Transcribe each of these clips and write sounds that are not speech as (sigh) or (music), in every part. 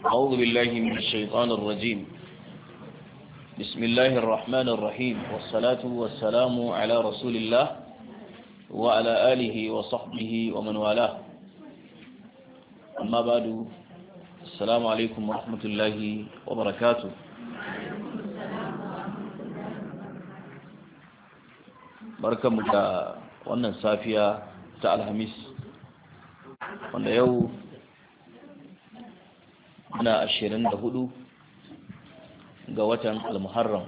أعوذ بالله من الشيطان الرجيم بسم الله الرحمن الرحيم والصلاة والسلام على رسول الله وعلى آله وصحبه ومن والاه أما بعد السلام عليكم ورحمة الله وبركاته barkanmu da wannan safiya ta alhamis wanda yau na ashirin da hudu ga watan almuharram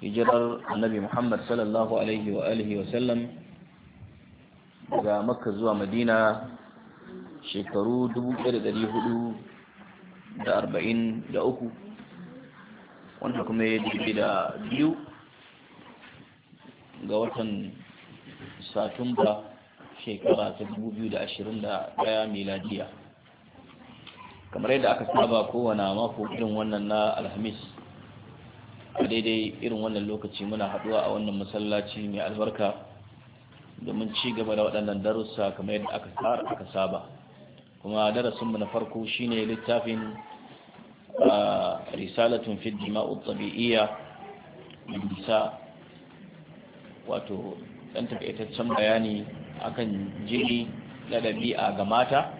hijirar annabi muhammad sallallahu alaihi wa alihi wa sallam daga makka zuwa madina shekaru 1443 wanda kuma ya dubi da biyu ga watan satumba shekara ta 2021 miladiya kamar yadda aka saba kowane mako irin wannan na alhamis a daidai irin wannan lokaci muna haduwa a wannan masallaci mai albarka domin ci gaba da waɗannan darussa kamar yadda aka tsara aka saba kuma darasinmu na farko shine littafin a risalatun fi dima'u tabi'iyya bisa wato ɗan can bayani akan jini ladabi a ga mata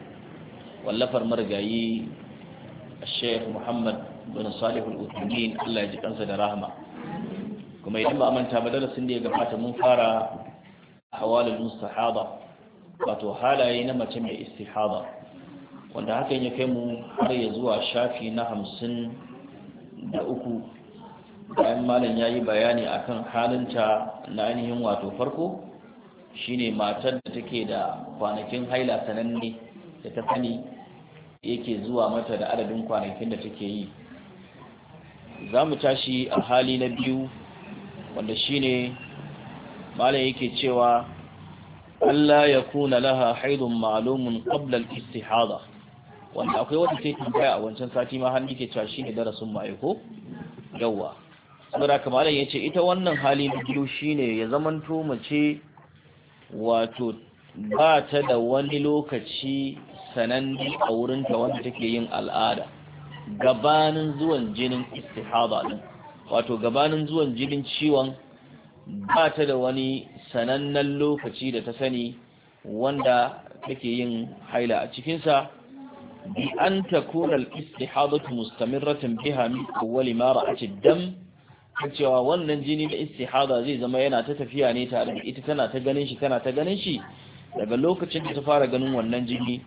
wallafar marigayi Sheikh Muhammad bin Salih al Allah ya ji kansa da rahama kuma idan ba manta ba darasin da ya gabata mun fara hawalul mustahada wato halaye na mace mai istihada wanda hakan ya kai mu har ya zuwa shafi na hamsin da uku bayan malam ya yi bayani akan halinta na ainihin wato farko shine matar da take da kwanakin haila sananne da ta sani yake zuwa mata da adadin kwanakin da take yi za mu tashi a hali na biyu wanda shine malam yake cewa Allah ya kuna laha haidun ma'alumun ƙablar istihada wanda akwai wata sai tambaya a wancan sati ma hannu ke cewa shine darasin ma'aiko yawa saboda Malam ya ce ita wannan hali na biyu shine ya zamanto mace wato ba ta da wani lokaci sananne a wurinta wanda take yin al'ada gabanin zuwan jinin istihada wato gabanin zuwan jinin ciwon ba ta da wani sanannen lokaci da ta sani wanda take yin haila a cikinsa bi an takuna al-istihadatu mustamirratan biha min awwali ma ra'at dam cewa wannan jini da istihada zai zama yana ta tafiya ne tare da ita tana ta ganin shi tana ta ganin shi daga lokacin da ta fara ganin wannan jini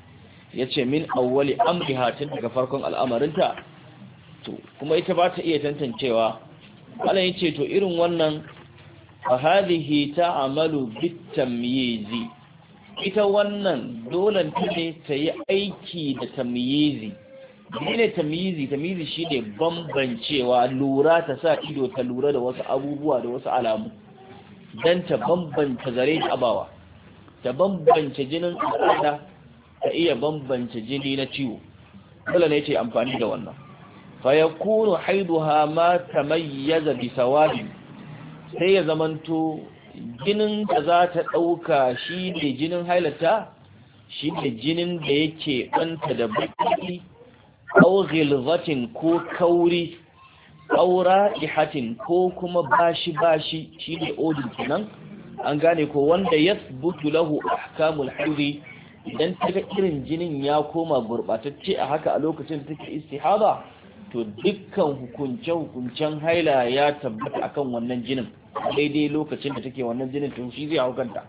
yace min awwali amriha tun daga farkon al'amarinta to kuma ita ba ta iya tantancewa Allah yace to irin wannan fa hadhihi ta'malu bitamyizi ita wannan dole ne ta yi aiki da tamyizi ne tamyizi tamyizi ne bambancewa lura ta sa ido ta lura da wasu abubuwa da wasu alamu dan ta bambanta zare da abawa ta bambance jinin al'ada ta iya bambance jini na ciwo dole ne ce amfani da wannan fa yakunu haiduha ma tamayyaza bi sawadi sai ya zamanto jinin da za ta ɗauka shi ne jinin hailata shi ne jinin da yake ɗanta da baki aw ghilzatin ko kauri aw ihatin ko kuma bashi bashi shi ne odin kenan an gane ko wanda yasbutu lahu ahkamul hudi idan ta irin jinin ya koma gurɓatacce a haka a lokacin da take istihada to dukkan hukunce-hukuncen haila ya tabbata akan wannan jinin daidai lokacin da take wannan jinin to shi zai hau kanta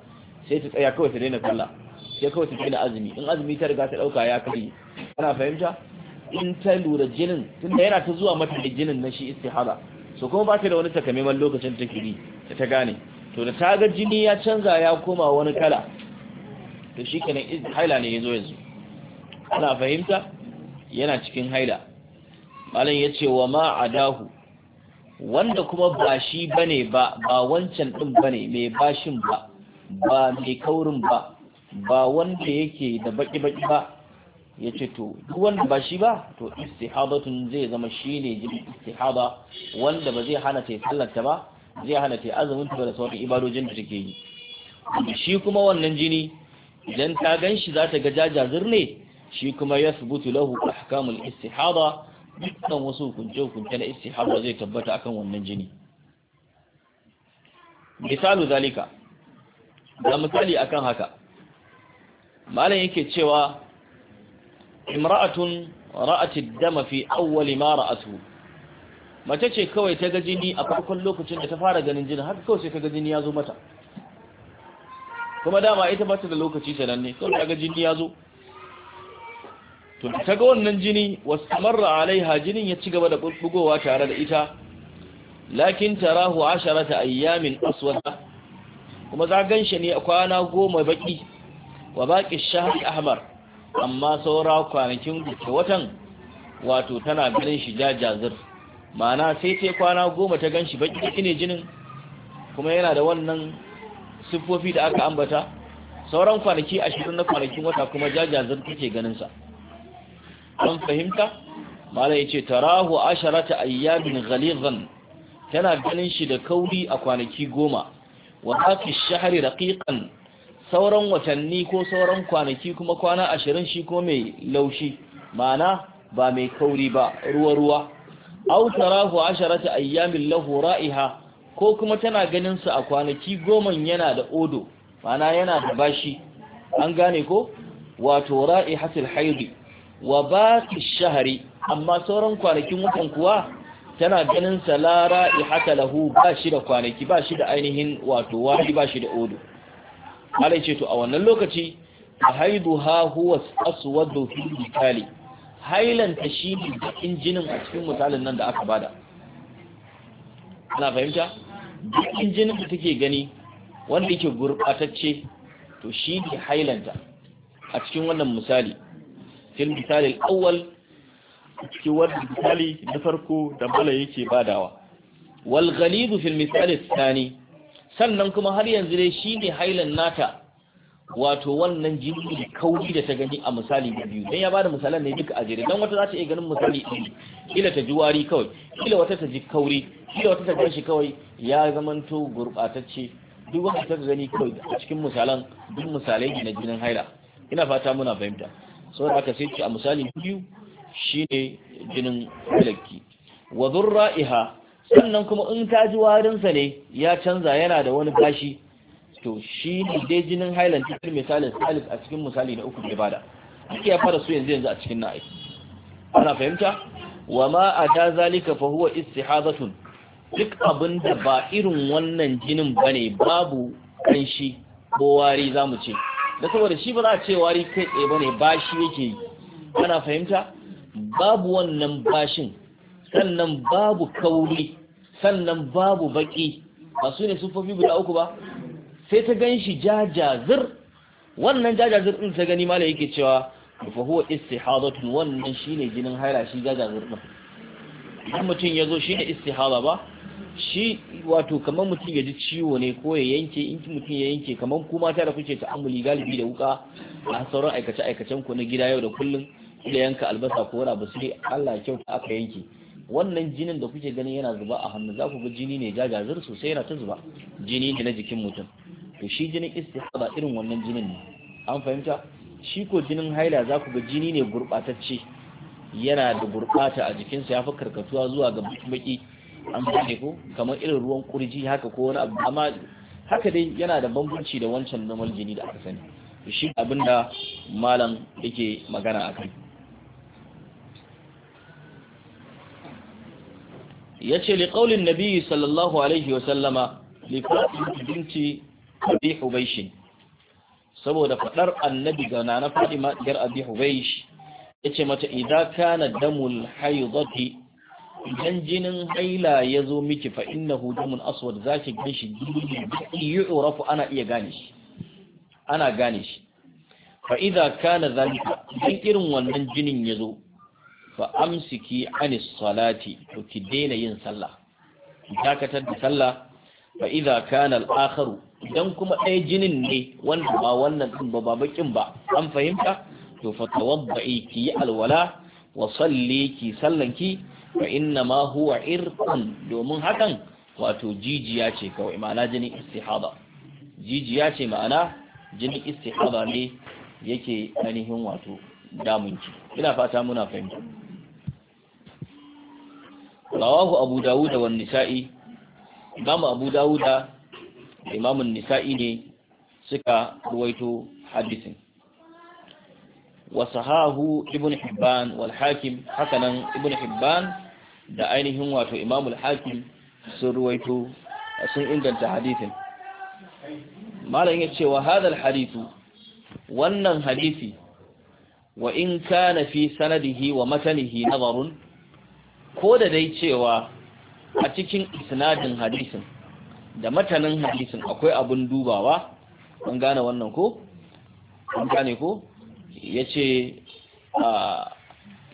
sai ta tsaya kawai ta daina sallah sai kawai ta daina azumi in azumi ta riga ta ɗauka ya kai ana fahimta in ta lura jinin tunda yana ta zuwa mata da jinin na shi istihada so kuma ba ta da wani takamaiman lokacin take yi ta gane to da ta ga jini ya canza ya koma wani kala to shi kenan haila ne ya zo yanzu ana fahimta yana cikin haila malam ya ce wa ma'adahu wanda kuma ba shi bane ba ba wancan ɗin bane mai bashin ba ba mai kaurin ba ba wanda yake da baki-baki ba ya ce to duk wanda ba shi ba to istihabatun zai zama shi ne jini istihaba wanda ba zai hana ta sallarta ba zai hana ta azumin ta da sauran ibadojin da take yi shi kuma wannan jini idan ta ganshi za ta ga jajazir ne shi kuma ya subutu lahu ahkamul istihada dukkan wasu hukunce-hukunce na istihada zai tabbata akan wannan jini misalu zalika da misali akan haka malam yake cewa imra'atun ra'at ad-dama fi awwal ma ra'atuhu mace ce kawai ta ga jini a farkon lokacin da ta fara ganin jini har kawai sai ta ga jini ya zo mata kuma dama ita ba ta da lokaci sananne kawai daga jini ya zo to ta ga wannan jini wasu alaiha jinin ya ci gaba da ɓuɓɓugowa tare da ita lakin tarahu ta ayyamin aswada kuma za gan shi ne a kwana goma baki wa baki shahar ahmar amma saura kwanakin guke watan wato tana ganin shi jajazir ma'ana sai ta kwana goma ta gan shi baki ne jinin kuma yana da wannan siffofi da aka ambata sauran kwanaki ashirin na kwanakin wata kuma jajajen kake ganin sa an fahimta malai ya ce tarahu asharata ayyamin ghalizan tana ganin shi da kauri a kwanaki goma wa hafi shahari raqiqan sauran watanni ko sauran kwanaki kuma kwana ashirin shi ko mai laushi ma'ana ba mai kauri ba ruwa-ruwa au tarahu asharata ayyamin lahu ra'iha ko kuma tana ganin su a kwanaki goman yana da odo mana yana da bashi an gane ko wato ra'ihatul haidi wa baqi shahri amma sauran kwanakin watan kuwa tana ganin sa la ra'ihata lahu ba da kwanaki ba da ainihin wato wani ba da odo alai ce to a wannan lokaci haiduha huwa aswadu fi dikali hailanta shi ne bakin injinin a cikin misalin nan da aka bada ana fahimta dukkan jinin da take gani wanda yake gurbatacce to shi ne hailanta a cikin wannan misali fil misali al-awwal cikin wannan misali na farko da mala yake badawa wal ghalid fil misali al sannan kuma har yanzu dai shi ne hailan nata wato wannan jini kauri da ta gani a misali da biyu dan ya bada misalan ne duka a jere dan wata za ta iya ganin misali ɗin kila ta ji wari kawai kila wata ta ji kauri kila wata ta gan shi kawai ya zamanto gurɓatacce duk wanda ta gani kawai a cikin misalan duk misalai ne na jinin haila ina fata muna fahimta saboda haka sai ce a misali biyu shine jinin halakki wa zurra'iha sannan kuma in ta ji warinsa ne ya canza yana da wani gashi to shi ne dai jinin highland cikin misalin salis a cikin misali na uku mai bada ake ya fara su yanzu yanzu a cikin na'ai ana fahimta wa ma a ta zalika fa huwa istihadatun duk abinda ba irin wannan jinin bane babu kanshi ko wari za mu ce da saboda shi ba za a ce wari kai tsaye ba bashi yake yi ana fahimta babu wannan bashin sannan babu kauri sannan babu baki ba su ne sufofi guda uku ba sai ta gan shi jajazir wannan jajazir ɗin ta gani mala yake cewa fa huwa istihadatun wannan shi ne jinin haila shi jajazir ɗin idan mutum ya zo shi shine istihada ba shi wato kamar mutum ya ji ciwo ne ko ya yanke in mutum ya yanke kamar kuma ta da kuke ta'ammuli galibi da wuka a sauran aikace aikacen ku na gida yau da kullum da yanka albasa ko wani abu sai Allah kyau ta aka yanke wannan jinin da kuke ganin yana zuba a hannu za ku ga jini ne jajazir sosai yana ta zuba jini ne na jikin mutum to shi jinin istihaba irin wannan jinin ne an fahimta shi ko jinin haila za ku ga jini ne gurɓatacce yana da gurɓata a jikinsa ya fi karkatuwa zuwa ga baki an fahimta ko kamar irin ruwan kurji haka ko wani abu amma haka dai yana da bambanci da wancan normal jini da aka sani shi abin da malam yake magana a kai ya ce liƙaulin nabi sallallahu alaihi wasallama liƙaunin binci abi hubaysh saboda fadar annabi ga nana fatima diyar abi hubaysh yace mata idza kana damul haydati idan jinin haila ya zo miki fa innahu damun aswad zaki ganshi yu'rafu ana iya gane shi ana gane shi fa idza kana zalika idan irin wannan jinin ya zo fa amsiki anis salati to ki daina yin sallah dakatar da sallah fa idza kana al idan kuma ɗaya jinin ne wanda ba wannan din ba bakin ba an fahimta to fa tawaddi ki alwala wa salli ki sallanki fa inna ma huwa irqan domin hakan wato jijiya ce kawai ma'ana jinin istihada jijiya ce ma'ana jinin istihada ne yake ainihin wato damunki ina fata muna fahimta rawahu abu dawud wa nisa'i imam abu dawuda da imamun nisa'i ne suka ruwaito hadisin wasahahu ibn hibban wal hakim hakanan ibn hibban da ainihin wato imam hakim sun ruwaito sun inganta hadisin malam ya ce wa hadal hadithu wannan hadisi wa in kana fi sanadihi wa matanihi nazarun ko da dai cewa a cikin isnadin hadisin da matanin hadisin akwai abin dubawa an gane wannan ko an gane ko ya ce ah,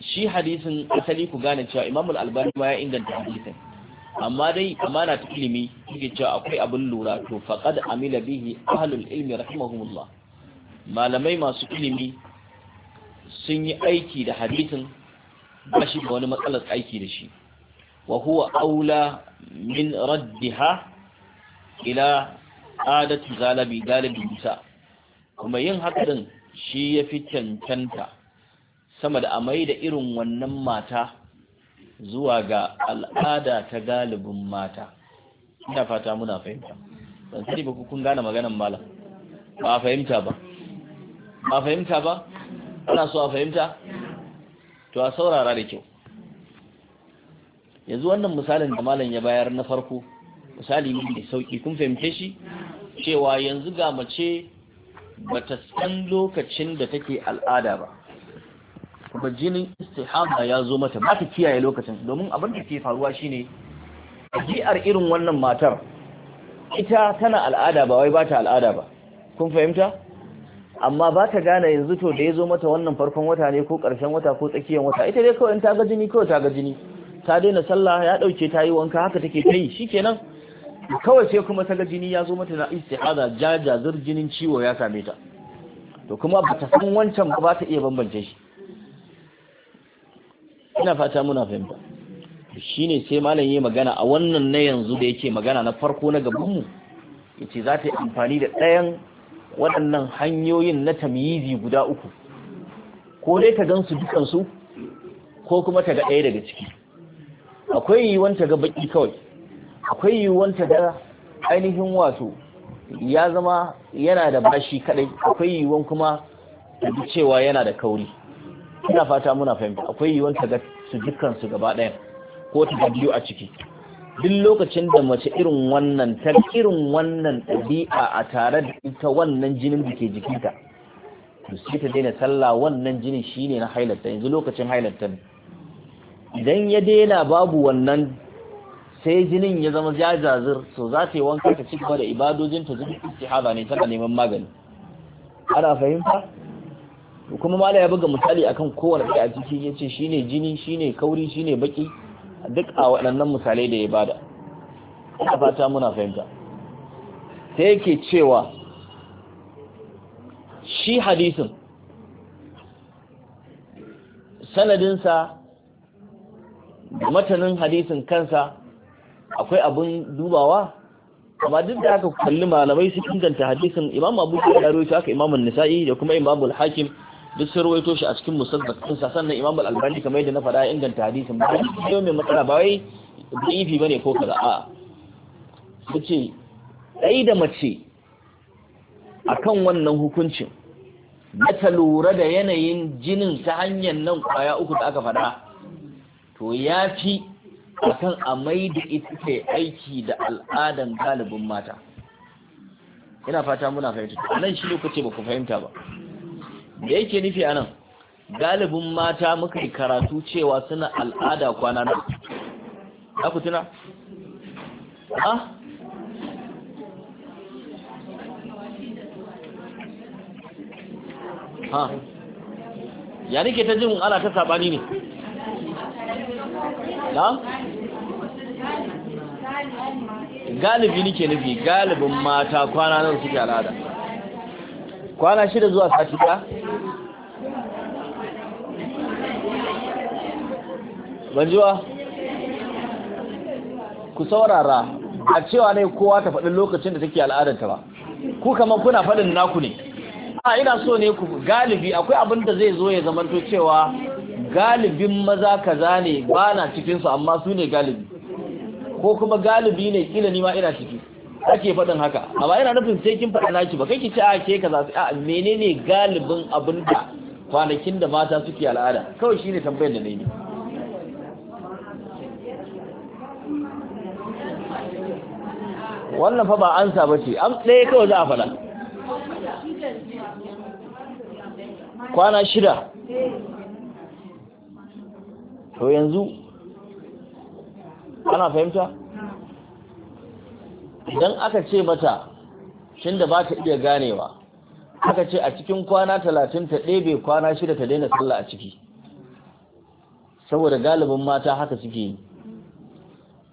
shi hadisin asali ku gane cewa imamul albani ma ya inganta hadisin amma dai amana ta ilimi yake cewa akwai abin lura to faqad amila bihi ahlul ilmi rahimahumullah malamai masu ilimi sun yi aiki da hadisin ba shi da wani matsalar aiki da shi wa aula min raddiha ila adatu galibi galibin kuma yin haka din shi ya fi cancanta sama da amai da irin wannan mata zuwa ga al'ada ta galibin mata ina fata muna fahimta ban sani ba kun gane maganan malam ba a fahimta ba ba fahimta ba ana so a fahimta to a saurara da kyau yanzu wannan misalin da malam ya bayar na farko misali ne mai sauki kun fahimce shi cewa yanzu ga mace bata san lokacin da take al'ada ba kuma jinin istihama ya zo mata ba ta kiyaye lokacin domin abin da ke faruwa shine Ajiyar irin wannan matar ita tana al'ada ba wai ba ta al'ada ba kun fahimta amma ba ta gane yanzu to da ya zo mata wannan farkon wata ne ko ƙarshen wata ko tsakiyar wata ita dai kawai in ta ga jini kawai ta ga jini ta daina sallah ya dauke ta yi wanka haka take ta yi shikenan kawai sai kuma ta jini ya zo mata na istihada jaja jinin ciwo ya same ta to kuma ba ta san wancan ba ba ta iya bambance shi ina fata muna fahimta shine sai malam yayi magana a wannan na yanzu da yake magana na farko na gaban mu yace za ta yi amfani da ɗayan waɗannan hanyoyin na tamyizi guda uku ko dai ta gansu dukansu ko kuma ta ga ɗaya daga ciki akwai yiwuwan ta ga baki kawai akwai yiwuwan ta ga ainihin wato ya zama yana da bashi kadai akwai yiwuwan kuma ta bi cewa yana da kauri ina fata muna fahimta akwai yiwuwan ta ga su dukkan su gaba ɗaya ko ta biyu a ciki duk lokacin da mace irin wannan ta irin wannan ɗabi'a a tare da ita wannan jinin da ke jikinta to sai ta daina sallah wannan jinin shine na hailarta yanzu lokacin hailarta ne idan ya daina babu wannan sai jinin ya zama jajazir so za ta yi wanka ta ci gaba da ibadojin ta zubi istihada ne tana neman magani ana fahimta kuma mala ya buga misali akan kowane ɗaya a ciki ya ce shine jini shine kauri shine baki duk a waɗannan misalai da ya bada ina fata muna fahimta sai yake cewa shi hadisin sanadinsa da matanin hadisin kansa akwai abin dubawa amma duk da aka kalli malamai su inganta hadisin imam abu ya rawaito aka imam nisa'i da kuma imam al-hakim duk sun rawaito shi a cikin musaddaq kansa sannan imam al-albani kamar yadda na faɗa ya inganta hadisin ba ne mai matsala ba wai da'ifi bane ko kaza a ce, dai da mace akan wannan hukuncin na ta lura da yanayin jinin ta hanyar nan kwaya uku da aka faɗa to ya fi akan a mai da ita ke aiki da al'adan galibin mata ina fata muna fahimta a nan shi lokaci ba ku fahimta ba da yake nufi a nan galibin mata muka yi karatu cewa suna al'ada kwana nan ku tuna? ah? ha ya nike ta jin ana ta sabani ne na? galibi nike nufi galibin mata kwana nan suke al'ada kwana shida zuwa sati ta? banjuwa ku saurara a cewa ne kowa ta faɗin lokacin da take al'adanta ba ku kamar kuna faɗin naku ne a ina so ne ku galibi akwai abin da zai zo ya zamanto cewa galibin maza kaza ne ba na cikinsu amma su ne galibi ko kuma galibi ne kila ni ma ina ciki ake faɗin haka amma ina nufin sai kin faɗa naki ba ki ci a ke kaza a menene galibin abin da kwanakin da mata suke al'ada kawai shine tambayar da ne wannan fa ba ansa ba ce an ɗaya kawai za a faɗa kwana shida to yanzu ana fahimta idan aka ce mata shin da ba ta iya ganewa aka ce a cikin kwana talatin ta ɗebe kwana shida ta daina sallah a ciki saboda galibin mata haka suke yi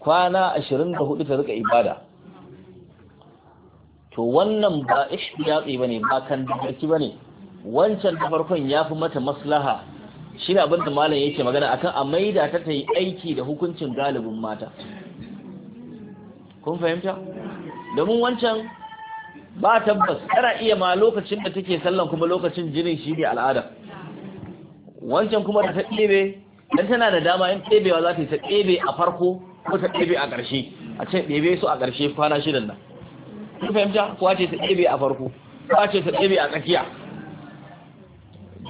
kwana ashirin da hudu ta rika ibada to wannan ba tsaye ba ne ba kan dubaki ba ne wancan ta farkon ya fi mata maslaha shi ne abin da malam yake magana akan a maida ta ta yi aiki da hukuncin galibin mata kun fahimta domin wancan ba tabbas tana iya ma lokacin da take sallan kuma lokacin jinin shi ne al'ada wancan kuma da ta ɗebe dan tana da dama yin ɗebewa za ta yi ta ɗebe a farko ko ta ɗebe a ƙarshe a ce ɗebe su a ƙarshe kwana shidan nan kun fahimta kuwa ce ta ɗebe a farko kuwa ce ta ɗebe a tsakiya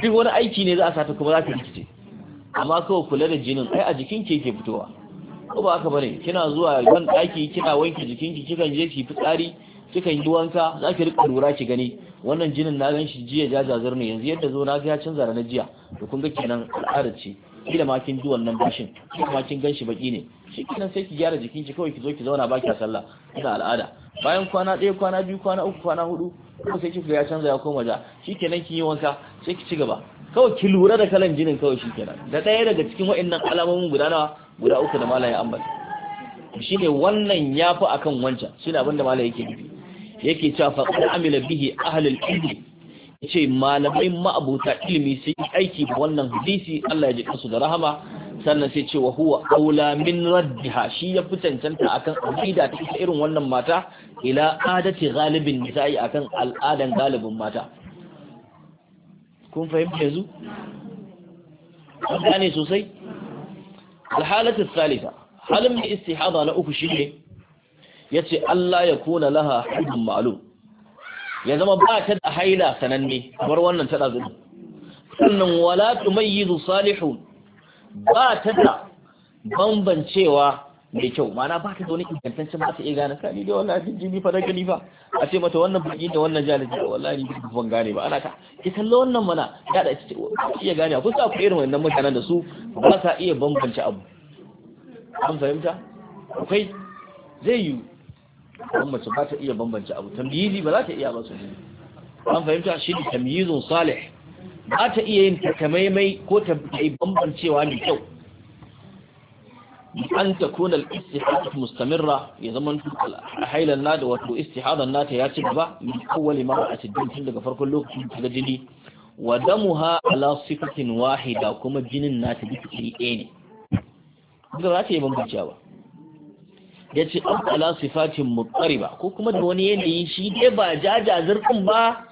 duk wani aiki ne za a sata kuma za ka rikice amma kawai kula da jinin ai a jikin ke ke fitowa ko ba haka bane kina zuwa ban daki kina wanke jikinki kikan je ki fitsari kikan yi wanka za ki rika lura ki gani wannan jinin na gan shi jiya jajazar ne yanzu yadda zo na ga ya canza na jiya to kun ga kenan al'adar ce kila ma kin ji wannan bashin kila ma kin gan shi baki ne shi kenan sai ki gyara jikin ki kawai ki zo ki zauna baki a sallah ina al'ada bayan kwana ɗaya kwana biyu kwana uku kwana hudu kuma sai kika ya canza ya koma ja kenan ki yi wanka sai ki ci gaba kawai ki lura da kalan jinin kawai shikenan da ɗaya daga cikin nan alamomin guda nawa guda uku da malai ambata ne wannan ya a akan wancan shine abin da malam yake nufi yake cewa fa amila bihi ahlul ilmi ce malamai ma'abuta ilimi sun yi aiki da wannan hadisi Allah ya ji kansu da rahama sannan sai ce wa huwa aula min raddiha shi ya fi cancanta akan aqida ta ita irin wannan mata ila adati galibin nisa'i akan al'adan galibin mata kun fahimta yanzu gane sosai alhalatu salisa halin mai istihada na uku shine yace Allah ya kuna laha haddun ma'lum ya zama ba ta da haila sananne kamar wannan ta dazu sannan wala tumayyizu salihun ba ta da bambancewa mai kyau mana ba ta zaune wani ingantaccen ba ta iya gane ka ni da wannan abin jini fara gani ba a ce mata wannan baki da wannan jihar da wallahi ne ba ban gane ba ana ta ki kalla wannan mana ya da iya gane ku sa ku irin wannan mutanen da su ba sa iya bambance abu an fahimta akwai zai yi wannan mace ba ta iya bambance abu tamyizi ba za ta iya ba su an fahimta shi ne tamyizun salih ba ta iya yin takamaimai ko ta yi bambancewa ne kyau an ta kuna al mustamirra ya zama hailan na da wato istihadan nata ya ci gaba mai awwali ma a cikin tun daga farkon lokacin ta ga jini wa ha ala sifatin wahida kuma jinin nata duka iri ɗaya ne duka za ta yi bambancewa ya ce an ala sifatin ba ko kuma da wani yanayi shi dai ba jaja kun ba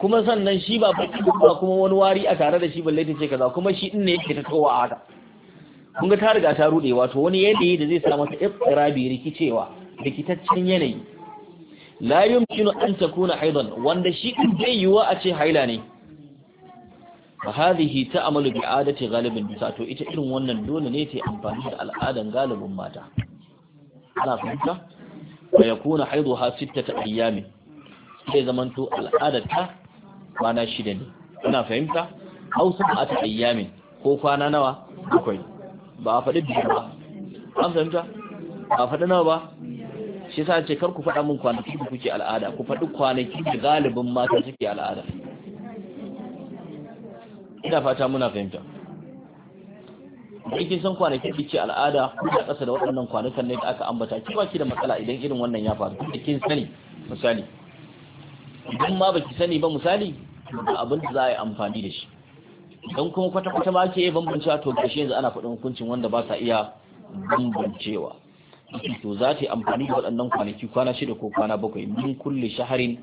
kuma sannan shi ba baki ba kuma wani wari a tare da shi balle ta ce kaza kuma shi din ne yake ta towa a haka kun ga ta riga ta rude wato wani yanayi da zai sa ta iftirabi rikicewa rikitaccen yanayi la yumkinu an takuna haidan wanda shi din bai yiwa a ce haila ne fa hadhihi ta'malu bi adati ghalibin nisa to ita irin wannan dole ne ta amfani da al'adan galibin mata ana fahimta wa yakuna haiduha sittata ayyamin sai zamanto al'adarta kwana shida ne kuna fahimta hausa a ta ayyami ko kwana nawa akwai ba a faɗi biyu ba an fahimta ba a faɗi nawa ba shi sa ce kar ku faɗa min kwanaki da kuke al'ada ku faɗi kwanaki da galibin mata suke al'ada ina fata muna fahimta da san kwanakin da al'ada kuma ƙasa da waɗannan kwanakan ne da aka ambata ki baki da matsala idan irin wannan ya faru kuma kin sani misali idan ma baki sani ba misali da abin da za a yi amfani da shi don kuma kwata-kwata ba ke bambancewa to gashi yanzu ana faɗin hukuncin wanda ba sa iya bambancewa to za ta yi amfani da waɗannan kwanaki kwana shida ko kwana bakwai min kulle shaharin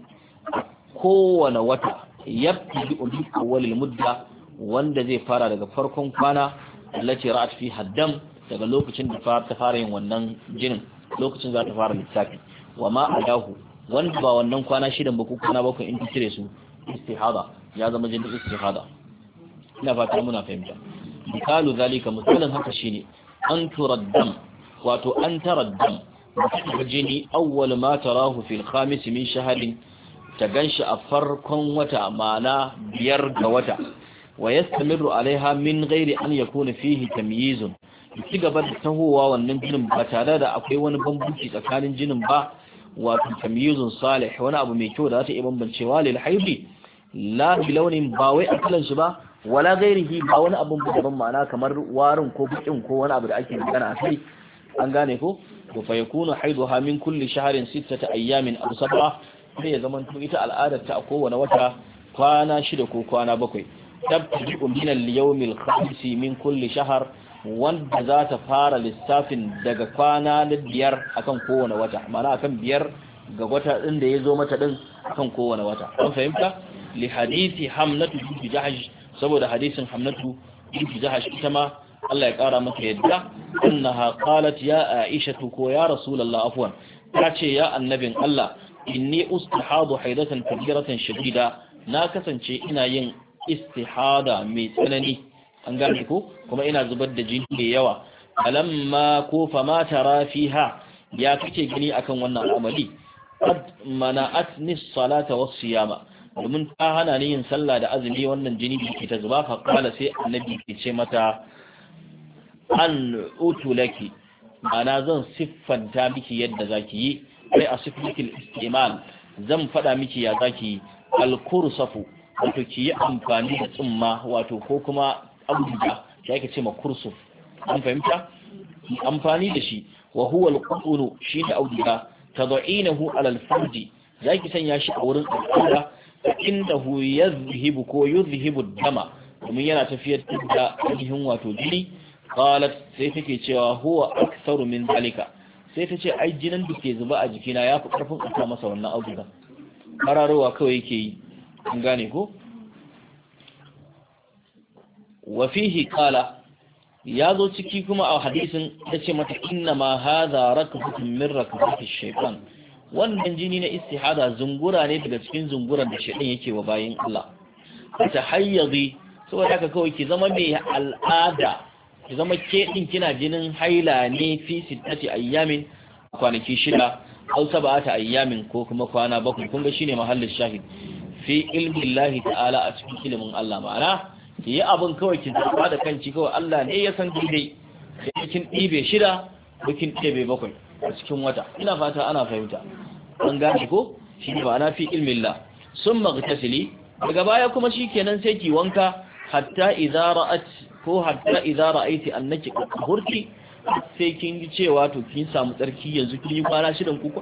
kowane wata ya fi a awalil mudda wanda zai fara daga farkon kwana lati ra'at fi haddam daga lokacin da ta fara yin wannan jinin lokacin za ta fara lissafi wa ma adahu wanda ba wannan kwana shidan ba ko kwana bakwai in ta cire su istihada ya zama jinin istihada ina fata muna fahimta misalu zalika misalin haka shine an turaddam wato an taraddam jini awwal ma tarahu fil khamis min shahrin ta ganshi a farkon wata mana biyar ga wata wa yastamiru alaiha min ghairi an yakuna fihi tamyizun ci gaba da tahowa wannan jinin ba tare da akwai wani bambanci tsakanin jinin ba wato tamyizun salih wani abu mai kyau da za ta iya bambancewa lil haidi la launin ba wai a kalan shi ba wala gairihi ba wani abun daban ma'ana kamar warin ko bukin ko wani abu da ake magana a kai an gane ko to fa yakunu haiduha min kulli shahrin sittata ayyamin aw sab'a sai ya zaman tun ita al'adar ta a kowane wata kwana shida ko kwana bakwai tabtadi min al-yawmil khamis min kulli shahr wanda za ta fara lissafin daga kwana na biyar akan kowane wata ma'ana akan biyar ga wata din da ya zo mata din akan kowane wata an fahimta li hamnatu binti jahash saboda hadisin hamnatu binti jahash ita ma Allah ya kara maka yadda annaha qalat ya aisha ko ya rasulullah afwan ta ce ya annabin Allah inni ustihadu haidatan kabiratan shadida na kasance ina yin istihada mai tsanani an gane ko kuma ina zubar da jini mai yawa alamma ko fa ma tara fiha ya kake gani akan wannan al'amari qad mana'atni as-salata was-siyama domin ta hana ni yin sallah da azumi wannan jini da ke ta zuba fa kala sai annabi ke ce mata an utu laki ma'ana zan siffanta miki yadda zaki yi sai a sifflikil istimal zan fada miki ya zaki yi alkursafu wato ki yi amfani da tsumma wato ko kuma abuja da yake ce ma kursuf an fahimta amfani da shi wa huwa alqulu shi da auduga tad'inahu ala alfarji zaki sanya shi a wurin alƙura hu ya zuhibu ko zuhibu dama domin yana tafiyar da ainihin wato jini qalat sai take cewa huwa aktharu min zalika sai ta ce ai jinin da ke zuba a jikina ya fi karfin ƙasa masa wannan abubuwan kararowa kawai ke yi an gane ko wafihi ya zo ciki kuma a hadisin ya ce mata inna ma hadha rakbutun min rakbutish shekwan wannan jini na istihada zungura ne daga cikin zunguran da shaɗin yake wa bayan Allah ta hayyazi saboda haka kawai ki zama mai al'ada ki zama ke kina jinin haila ne fi sittati ayyamin kwanaki shida aw sab'ata ayyamin ko kuma kwana bakwai kun ga shine mahallin shahid fi ilmin ta'ala a cikin ilimin Allah ma'ana ki yi abin kawai ki zaba da kanki kawai Allah ne ya san daidai kin ɗibe shida ko kin bakwai a cikin wata ina fata ana fahimta an gashi ko shi ne na fi ilmin la sun maghtasili daga baya kuma shi kenan sai ki wanka hatta izara ra'at ko hatta izara idza ra'aiti annaki hurki. sai kin yi cewa to kin samu tsarki yanzu kin yi kwana shidan kuka?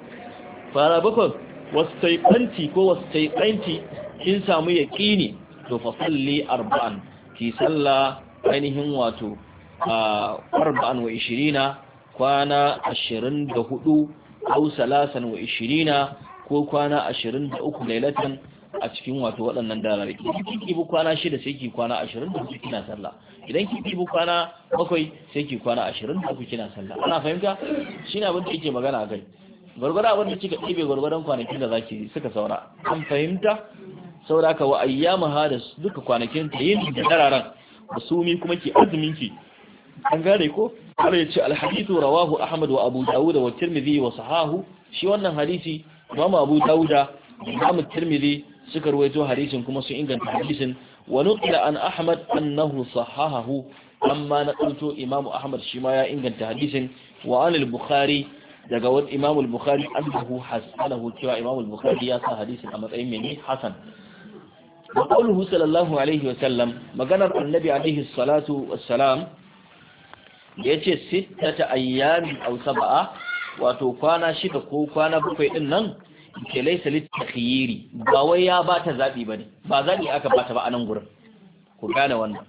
fara bakwai wasu taifanti ko wasu taifanti kin samu yaqini to fa arba'an ki salla ainihin wato arba'an wa ishirina kwana 24 au salasan wa ishirina ko kwana 23 lailatan a cikin wato waɗannan dalar. kiki kin kibi kwana shida sai ki kwana ashirin da kuke kina sallah idan kin kibi kwana bakwai sai ki kwana ashirin da kuke kina sallah ana fahimta shine abin da yake magana a kai gwargwada abin da kika ɗebe gwargwadon kwanakin da zaki suka saura an fahimta saura ka wa ayyama hada duka kwanakin ta yin da dararan basumi kuma ki azumin ki an gane ko har yace al rawahu ahmad wa abu dawud wa tirmidhi wa sahahu shi wannan hadisi imam abu dawuda imam tirmidhi suka ruwaito hadisin kuma su inganta hadisin wa nuqila an ahmad annahu sahahahu amma na dauto imam ahmad shi ma ya inganta hadisin wa an al-bukhari daga wani imam al-bukhari annahu hasalahu cewa imam al-bukhari ya sa hadisin a matsayin mai hasan wa qawluhu sallallahu alayhi wa sallam maganar annabi alaihi salatu wa wassalam ya ce sittata a aw ba'a, wato kwana shida ko kwana bakwai din nan ke laisa litakhyiri ba wai ya ba ta zaɓi ba ne, ba zaɓi aka bata ba a nan gurin ku gane wannan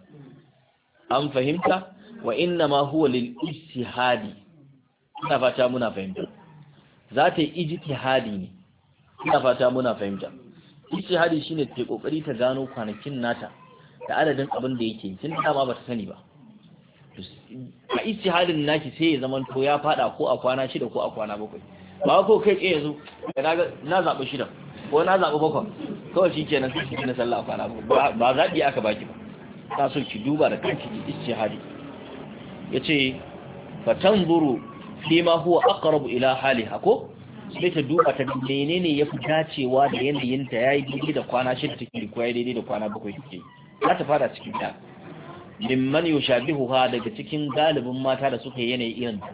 an fahimta wa inna ma huwa lil ijtihadi ina fata muna fahimta za ta yi ijtihadi ne ina fata muna fahimta ijtihadi shine ta kokari ta gano kwanakin nata da adadin abin da yake tun da ba ta sani ba a halin naki sai ya zama to ya fada ko a kwana shida ko a kwana bakwai ba ko kai tsaye yanzu na zaɓi shida ko na zaɓi bakwai kawai shi ke nan sai shi na sallah a kwana bakwai ba zaɓi aka baki ba ta so ki duba da kanki ki hali ya ce fatan buru fi ma huwa aqrabu ila hali ko sai ta duba ta menene ya fi dacewa da ya yayi daidai da kwana shida take ko yayi daidai da kwana bakwai take za ta fara cikin ta mimman yushabihuha daga cikin galibin mata da suka yanayi irin ta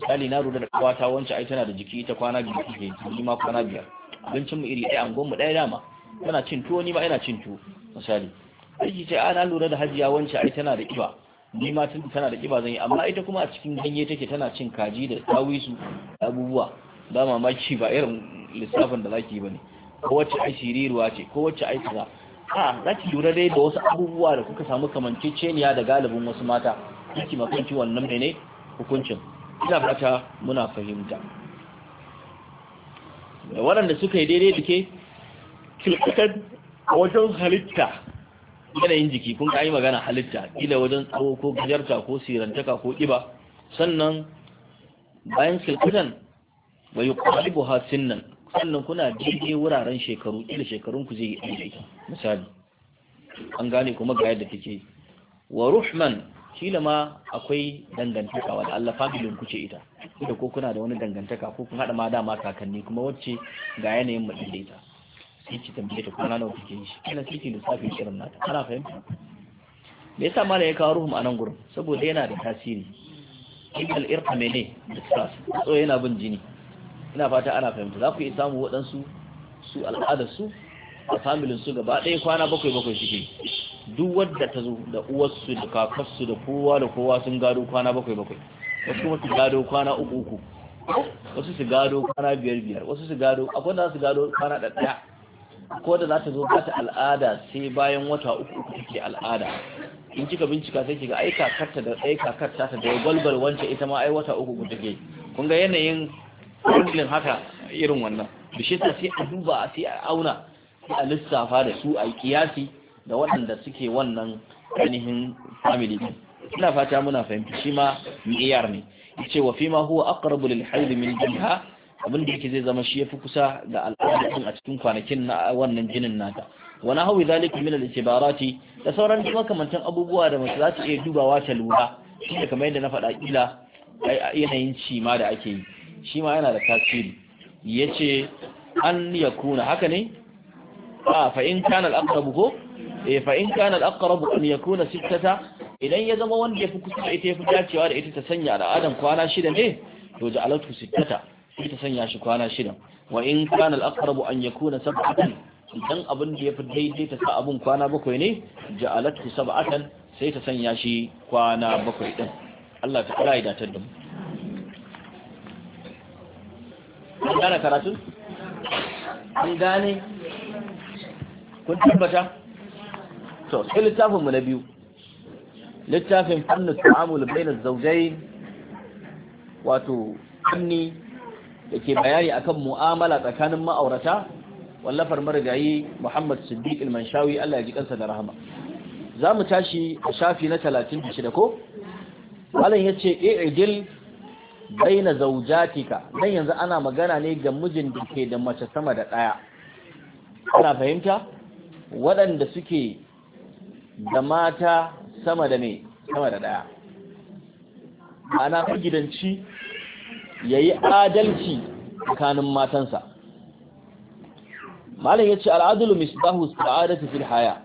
misali na rura da kwata wancan ai tana da jiki ta kwana biyu take ni ma kwana biyar abincin mu iri ɗaya gon mu ɗaya dama tana cin tuwo ni ma ina cin tuwo misali aiki ce ana lura da hajiya wancan ai tana da kiba ni ma tun tana da kiba zan yi amma ita kuma a cikin ganye take tana cin kaji da tawisu abubuwa ba mamaki ba irin lissafin da zaki bane ko wacce ai shiriruwa ce ko wacce ai kaza a za ki lura dai da wasu abubuwa da kuka samu kamanceceniya da galibin wasu mata kiki makonci wannan mene hukuncin ina fata muna fahimta da waɗanda suka yi daidai da ke a wajen halitta yanayin jiki kun ka yi magana halitta kila wajen tsawo ko gajarta ko sirantaka ko ƙiba sannan bayan kilkatan bai yi ƙwalibu ha nan. sannan kuna daidai wuraren shekaru ila shekarun ku zai yi misali an gane kuma ga yadda take wa ruhman kila ma akwai dangantaka wa Allah familin ku ce ita Da ko kuna da wani dangantaka ko kun hada ma dama kakanni kuma wacce ga yanayin mu ita sai ki tambaye ta na nawa kike yi kana sai ki lissafi irin nata ana fahimta me yasa mala ya kawo ruhum a gurin saboda yana da tasiri innal irqa mene da tsara so yana bin jini ina fata ana fahimta za ku yi samu waɗansu su al'adarsu a familinsu gaba ɗaya kwana bakwai bakwai suke duk wadda ta zo da uwarsu da kakarsu da kowa da kowa sun gado kwana bakwai bakwai wasu kuma su gado kwana uku uku wasu su gado kwana biyar biyar wasu su gado akwai da su gado kwana ɗaɗɗaya ko da za ta zo kata al'ada sai bayan wata uku uku take al'ada in kika bincika sai kika ai kakarta da aika kakarta ta da gwalgwal wancan ita ma ai wata uku uku take kun ga yanayin wandilin haka irin wannan da shi sai a duba sai a auna sai a lissafa da su a kiyasi da waɗanda suke wannan ainihin family ina fata muna fahimci shi ma iyar ne yace wa fima huwa aqrabu lil hayd min jinha abin da yake zai zama shi yafi kusa da al'adun a cikin kwanakin na wannan jinin nata wa hawi zalika min al itibarati da sauran makamantan abubuwa da mutum zai iya dubawa ta lura shi kamar yadda na faɗa kila yanayin cima da ake yi shi ma yana da tasiri yace an kuna haka ne a fa in kana ko E. fa in kana al-aqrab an sittata idan ya zama wanda ya fi kusa ita yafi dacewa da ita ta sanya da adam kwana shida ne to ja'alatu sittata sai ta sanya shi kwana shida wa in kana al an an yakuna sab'atan idan abin da yafi daidai ta sa abun kwana bakwai ne ja'alatu sab'atan sai ta sanya shi kwana bakwai din Allah ta kira ya datar da mu an gane karatun an gane kun tabbata to sai littafin mu na biyu littafin fannin ta'amul bainar zaujai wato fanni da ke bayani akan mu'amala tsakanin ma'aurata wallafar marigayi Muhammad Siddiq al Allah ya ji kansa da rahama Za mu tashi a shafi na 36 ko malam ce i'dil baina zaujatika dan yanzu ana magana ne ga mijin da ke da mace sama da ɗaya ana fahimta waɗanda suke da mata sama da mai sama da ɗaya ana magidanci ya yi adalci tsakanin matansa malam ya ce al'adulu misbahu sa'adatu fil haya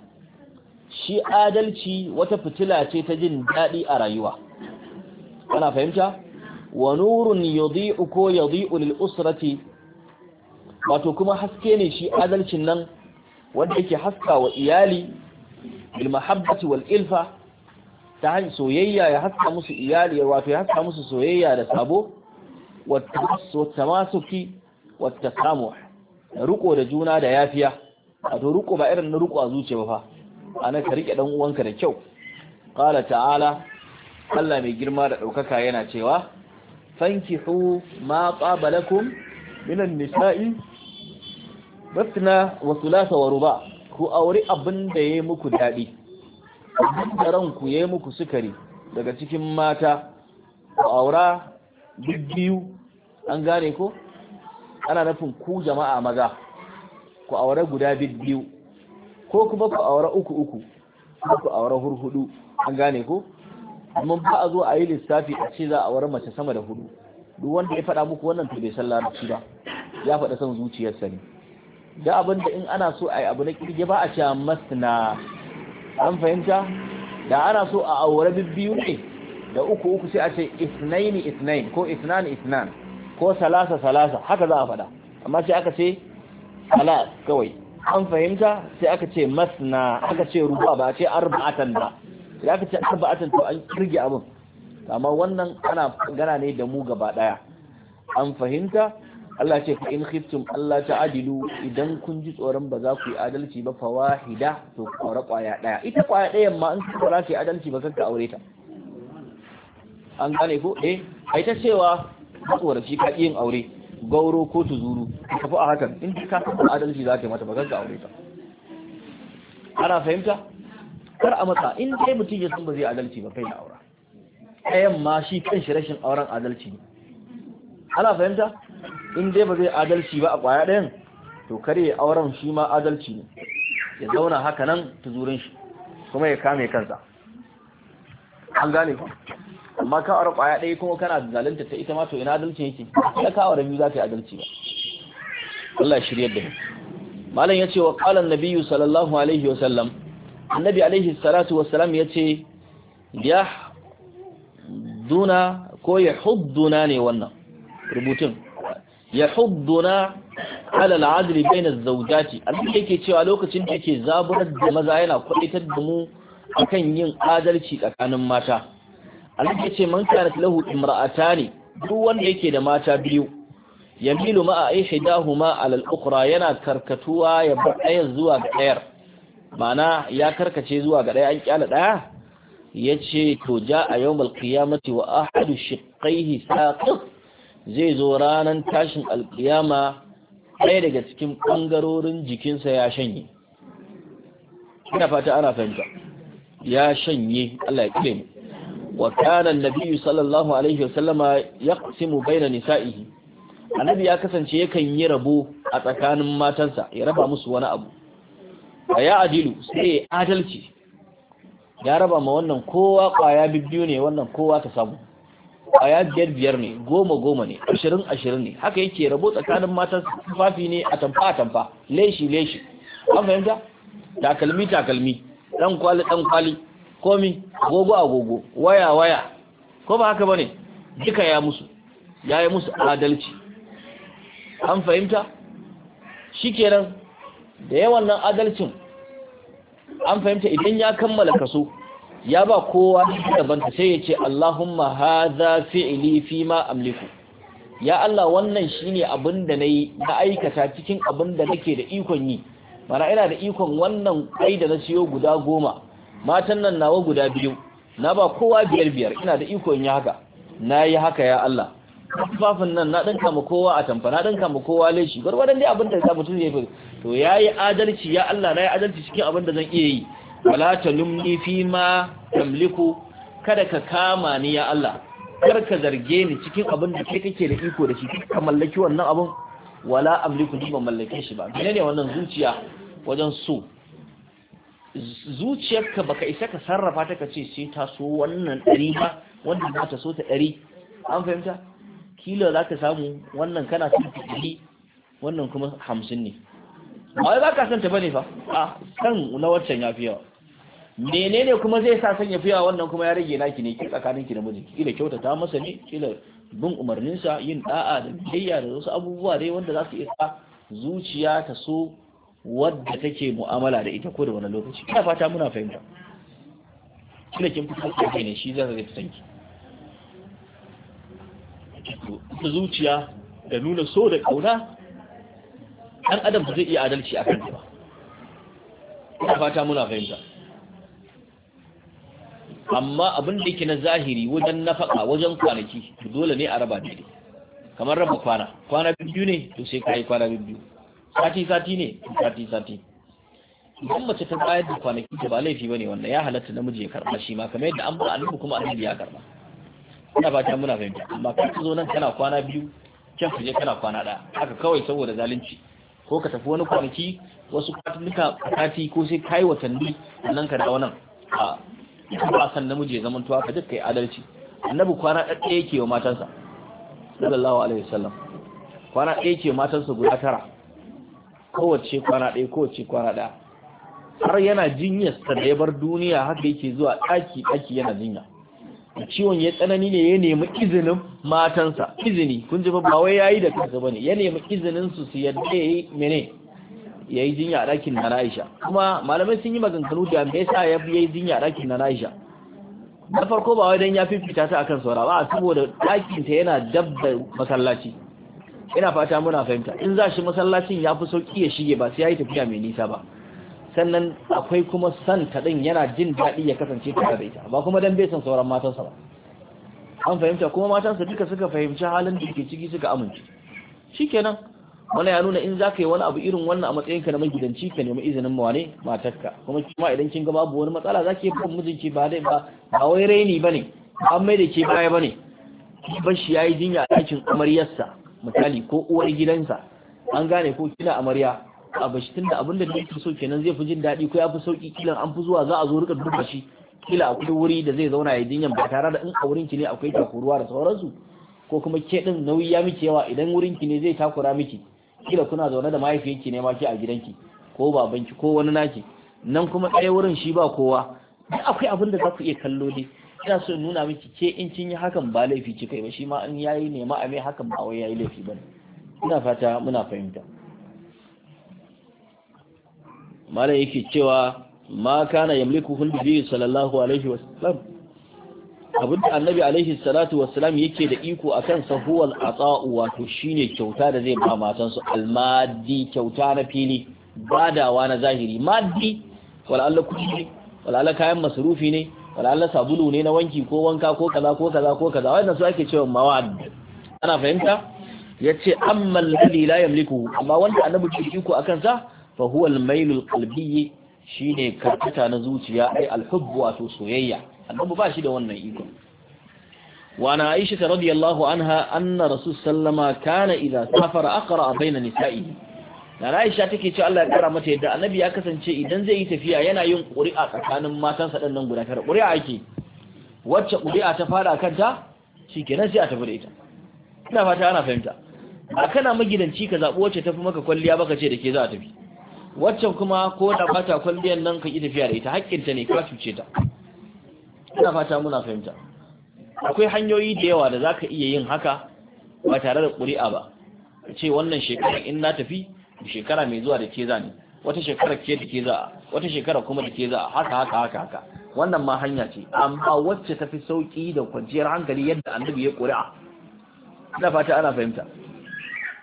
shi adalci wata fitila ce ta jin daɗi a rayuwa ana fahimta wa nurun yudhi'u ko yudhi'u lil usrati wato kuma haske ne shi adalcin nan wanda yake haska wa iyali bil ilfa ta hanyar soyayya ya haska musu iyali wato ya haska musu soyayya da sabo والتماسك والتسامح riko da juna da yafiya wato riko ba irin na riko a zuciya ba fa ana ka rike dan uwanka da kyau qala ta'ala Allah mai girma da ɗaukaka yana cewa fankihu ma qaba lakum minan nisa'i batna wa thulatha wa ruba ku auri abin da yayi muku daɗi. abin da ranku yayi muku sukari daga cikin mata ku aura duk biyu an gane ku? ana nufin ku jama'a maza ku aure guda biyu ko kuma ku aure uku uku ko ku aure hurhudu an gane ku? amma ba a zo a yi lissafi a ce za a wara mace sama da hudu duk wanda ya faɗa muku wannan to bai san larabci ba ya faɗa son zuciyarsa ne da abin da in ana so a yi abu na kirge ba a cewa masna an fahimta da ana so a aure bibbiyu ne da uku uku sai a ce isnaini isnain ko isnan isnan ko salasa salasa haka za a faɗa amma sai aka ce salas kawai an fahimta sai aka ce masna aka ce ruba ba a ce arba'atan ba ya ka ce arba'atan to an kirge abin amma wannan ana gana ne da mu gaba daya an fahimta Allah ce fa in khiftum Allah ta adilu idan kun ji tsoron ba za ku yi adalci ba fa wahida to kwara kwaya daya ita kwaya daya ma an ku za ku yi adalci ba kanka aure ta an gane ko eh ai ta cewa matsoraci ka yin aure gauro ko tuzuru ka fi a hakan in ka san adalci za ta mata ba kanka aure ta ana fahimta kar a matsa in dai mutum ya san ba zai adalci ba kai da aura ɗayan ma shi kan shi rashin auren adalci ne ana fahimta in dai ba zai adalci ba a kwaya ɗayan to kare auren shi ma adalci ne ya zauna haka nan ta zurin shi kuma ya kame kansa an gane ku amma ka aure ƙwaya ɗaya kuma kana zalunta ta ita ma to ina adalci yake ka ka aure biyu za ka yi adalci ba Allah shiryar da ni malam ya ce wa qala an-nabiyyu sallallahu alaihi wa sallam annabi alaihi salatu wassalam ya ce ya duna ko ya hudduna ne wannan rubutun ya hudduna alal adli baina zawjati abin da yake cewa lokacin da yake zaburar da maza yana kwaitar da mu akan yin adalci tsakanin mata Allah ya ce man kanat lahu imra'atani duk wanda yake da mata biyu yamilu ma'a ma alal ukhra yana karkatuwa ya bar ɗayan zuwa ga ɗayar Mana ya karkace zuwa ga ɗaya an kyala ɗaya ya ce to ja a yau malkiyamati wa ahadu shiƙaihi saƙin zai zo ranar tashin alkiyama ɗaya daga cikin ɓangarorin jikinsa ya shanye ina fata ana fahimta ya shanye Allah ya kire mu wa kana annabi sallallahu alaihi wasallama yaqsimu baina nisa'ihi annabi ya kasance yakan yi rabo a tsakanin matansa ya raba musu wani abu a ya adilu sai adalci ya raba ma wannan kowa kwaya biyu ne wannan kowa ta samu kwaya biyar biyar ne goma goma ne ashirin ashirin ne haka yake rabo tsakanin matan tufafi ne a tamfa a tamfa leshi leshi an fahimta takalmi takalmi dan kwali dan kwali komi a agogo waya waya ko ba haka bane duka ya musu ya yi musu adalci an fahimta shikenan da yawan nan adalcin an fahimta idan ya kammala kaso ya ba kowa ta, sai ya ce Allahumma hadha fi'li fi ma amliku ya Allah wannan shine abin da nayi na aikata cikin abin da nake da ikon yi mana ina da ikon wannan kai da na siyo guda goma matan nan nawa guda biyu na ba kowa biyar biyar ina da ikon yi haka nayi haka ya Allah kafafin nan na ɗan kama kowa a tamfa na ɗan kama kowa laishi gwargwadon dai abin da ta mutum ya fi to ya yi adalci ya Allah na yi adalci cikin abin da zan iya yi wala ta lumni fi ma tamliku kada ka kama ni ya Allah kar ka zarge ni cikin abin da kai kake da iko da shi ka mallaki wannan abin wala amliku ni ban mallake shi ba ne wannan zuciya wajen so zuciyarka baka isa ka sarrafa ta ka ce sai ta so wannan ɗari ba wanda ba ta so ta ɗari an fahimta kila za ka samu wannan kana son wannan kuma hamsin ne ba wai ba ka san ta bane fa a san na waccan ya fi yawa menene kuma zai sa sanya ya wannan kuma ya rage naki ne ki tsakaninki da mijinki kila kyautata masa ne kila bin umarninsa yin da'a da biyayya da wasu abubuwa dai wanda za su isa zuciya ta so wadda take mu'amala da ita ko da wani lokaci ina fata muna fahimta kila kin fito ne shi zai zai fitanki ita zuciya da nuna so da kauna ɗan adam ba zai iya adalci a kan ba ina fata muna fahimta amma abin da yake na zahiri wajen nafaka wajen kwanaki dole ne a raba daidai kamar raba kwana kwana biyu ne to sai ka yi kwana biyu sati sati ne sati sati idan mace ta bayar da kwanaki da ba laifi bane wannan ya halatta namiji ya karba shi ma kamar yadda an ba annabi kuma annabi ya karba ina ba ta muna fahimta amma ka zo nan kana kwana biyu can fuje kana kwana ɗaya haka kawai saboda zalunci ko ka tafi wani kwanaki wasu kwatunuka a sati ko sai ka yi watanni nan ka dawo nan a ita ba san namiji ya zama tuwa ka duk yi adalci annabi kwana ɗaya yake wa matansa sallallahu alaihi wasallam kwana ɗaya yake matansa guda tara kowace kwana ɗaya kowace kwana ɗaya har yana sa da ya bar duniya haka yake zuwa ɗaki ɗaki yana jinya ciwon ya tsanani ne ya nemi izinin matansa izini kun ji ba wai yayi da kansa bane ya nemi izinin su su yadda yayi mene yayi jinya a ɗakin na Aisha kuma malamai sun yi maganganu da me yasa ya fi yayi jinya a ɗakin na Aisha na farko ba wai dan ya fifita ta akan saura ba saboda ɗakin ta yana dabba masallaci ina fata muna fahimta in za shi masallacin ya fi sauki ya shige ba sai yi tafiya mai nisa ba sannan akwai kuma san ta din yana jin daɗi ya kasance tare da ita ba kuma dan bai sauran matansa ba an fahimta kuma matansa duka suka fahimci halin da ke ciki suka amince shikenan wani ya nuna in za ka yi wani abu irin wannan a matsayinka na magidanci ka nemi izinin wane matarka kuma kuma idan kin ga babu wani matsala za ki yi mijinki ba dai ba ba wai raini bane an mai da ke baya bane Bashi shi yi jinya a ɗakin amaryarsa misali ko uwar gidansa an gane ko kina amarya abu shi tunda abin da yake so kenan zai fi jin daɗi ko ya fi sauki kila an fi zuwa za a zo rika duba shi kila akwai wuri da zai zauna ya dinyan ba tare da in a wurin ki ne akwai takuruwa da sauransu ko kuma ke din nauyi ya miki yawa idan wurin ki ne zai takura miki kila kuna zaune da mahaifiyarki ne ma ki a gidan ki ko babanki ko wani naki nan kuma ɗaya wurin shi ba kowa duk akwai abin da za ku iya kallo ne ina so nuna miki ke in kin yi hakan ba laifi kika yi ba shi ma in yayi ne ma a mai hakan ba wai yayi laifi ba ina fata muna fahimta malai yake cewa ma kana yamliku hun biyu sallallahu alaihi wasallam abin da annabi alaihi salatu wasallam yake da iko akan sahuwal ata'u wato shine kyauta da zai ba matan su. almadi kyauta na fili badawa na zahiri maddi wala alla kuɗi ne alla kayan masrufi ne Wala alla sabulu ne na wanki ko wanka ko kaza ko kaza ko kaza wannan su ake cewa mawad ana fahimta yace amma alladhi la yamliku amma wanda annabi ke iko akan sa fa huwa al-mailul qalbiyyi shine karkata na zuciya ai al-hubbu wato soyayya annabi ba shi da wannan iko wa na aisha radiyallahu anha anna rasul sallama kana idza safara aqra baina nisa'ihi na aisha take cewa Allah ya kara mata yadda annabi ya kasance idan zai yi tafiya yana yin ƙuri'a tsakanin matansa dan nan guda tara ƙuri'a ake wacce ƙuri'a ta fada kanta shikenan sai a tafi da ita ina fata ana fahimta ba kana magidanci ka zabi wacce tafi maka kwalliya baka ce da ke za a tafi waccan kuma ko da bata kwalliyan nan ka yi tafiya da ita hakkinta ne ka cuce ta ina fata muna fahimta akwai hanyoyi da yawa da zaka iya yin haka ba tare da ƙuri'a ba ce wannan shekara in na tafi shekara mai zuwa da ke za ne wata shekara ke da ke za wata shekara kuma da ke za haka haka haka haka wannan ma hanya ce amma wacce ta fi sauƙi da kwanciyar hankali yadda annabi ya ƙuri'a ina fata ana fahimta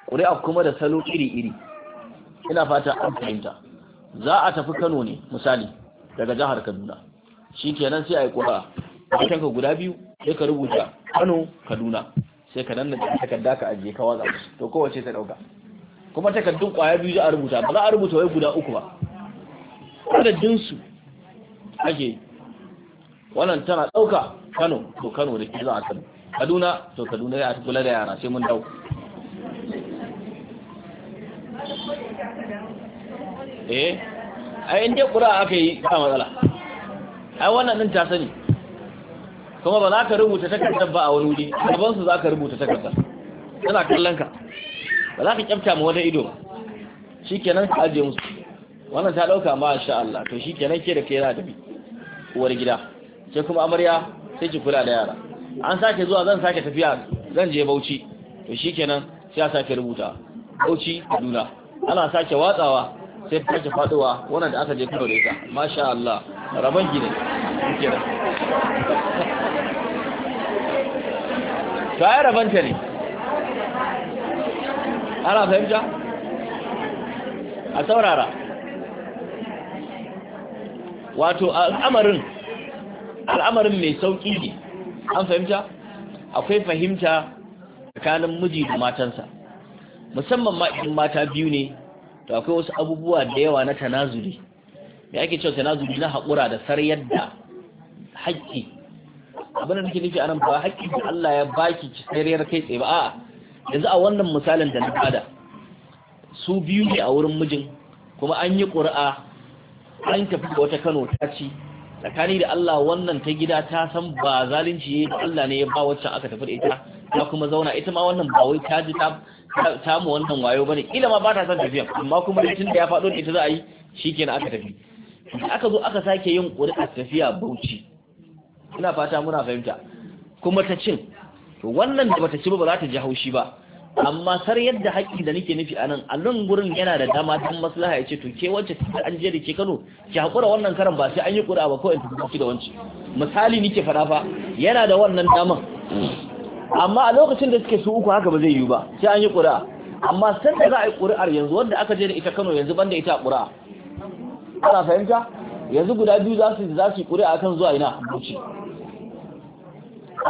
ƙuri'a kuma da salo iri iri ina fata an fahimta za a tafi Kano ne misali daga jihar Kaduna Shi kenan sai a yi kura matan ka guda biyu sai ka rubuta Kano Kaduna sai ka danna takarda ka ajiye ka watsa to kowace ta dauka kuma takardun kwaya biyu za a rubuta ba za a rubuta wai guda uku ba adadin su ake wannan tana dauka Kano to Kano da ke za a Kano Kaduna to Kaduna ya tafi da yara sai mun dauka eh a yin dai ƙura aka yi ba matsala ai wannan ɗin ta sani kuma ba za ka rubuta takardar ba a wani wuri gabansu za ka rubuta takardar tana kallon ka ba za ka kyamta ma wata ido ba shi kenan ka ajiye musu wannan ta ɗauka ma sha Allah to shi kenan ke da kai yana da bi uwar gida ke kuma amarya sai ki kula da yara an sake zuwa zan sake tafiya zan je bauchi to shi kenan sai a sake rubuta bauchi kaduna ana sake watsawa sai ta sake faɗuwa wannan da aka je kano da ita masha Allah rabon gine da ta yi ta ne ana fahimta a saurara wato al'amarin al'amarin mai sauƙi ne an fahimta akwai fahimta tsakanin miji da matansa musamman ma idan mata biyu ne to akwai wasu abubuwa da yawa na tanazuri me ake cewa tanazuri na haƙura da saryar da haƙƙi abin da nake nufi a nan ba haƙƙi da Allah ya baki ki kai tsaye ba a yanzu a wannan misalin da na bada su biyu ne a wurin mijin kuma an yi ƙuri'a an tafi wata Kano ta ci tsakani da Allah wannan ta gida ta san ba zalunci ba Allah ne ya ba wacce aka tafi da ita ta kuma zauna ita ma wannan ba wai ta ji ta ta mu wannan wayo bane kila ma ba ta san tafiya amma kuma tun da ya faɗo da ita za a yi shikenan aka tafi aka zo aka sake yin ƙuri'a tafiya Bauchi ina fata muna fahimta kuma ta cin to wannan da bata ci ba ba za ta ji haushi ba amma sar yadda haƙƙi da nake nufi a nan a nan gurin yana da dama don maslaha ya ce to ke wacce ta an je da ke kano ki haƙura wannan karan ba sai an yi ƙura ba ko in tafi da wancan. misali nake faɗa fa yana da wannan daman amma a lokacin da suke su uku haka ba zai yiwu ba sai an yi ƙura amma san da za a yi ƙuri'ar yanzu wanda aka je da ita kano yanzu banda ita ƙura ana fahimta yanzu guda biyu za su za su yi ƙuri'a akan zuwa ina bauchi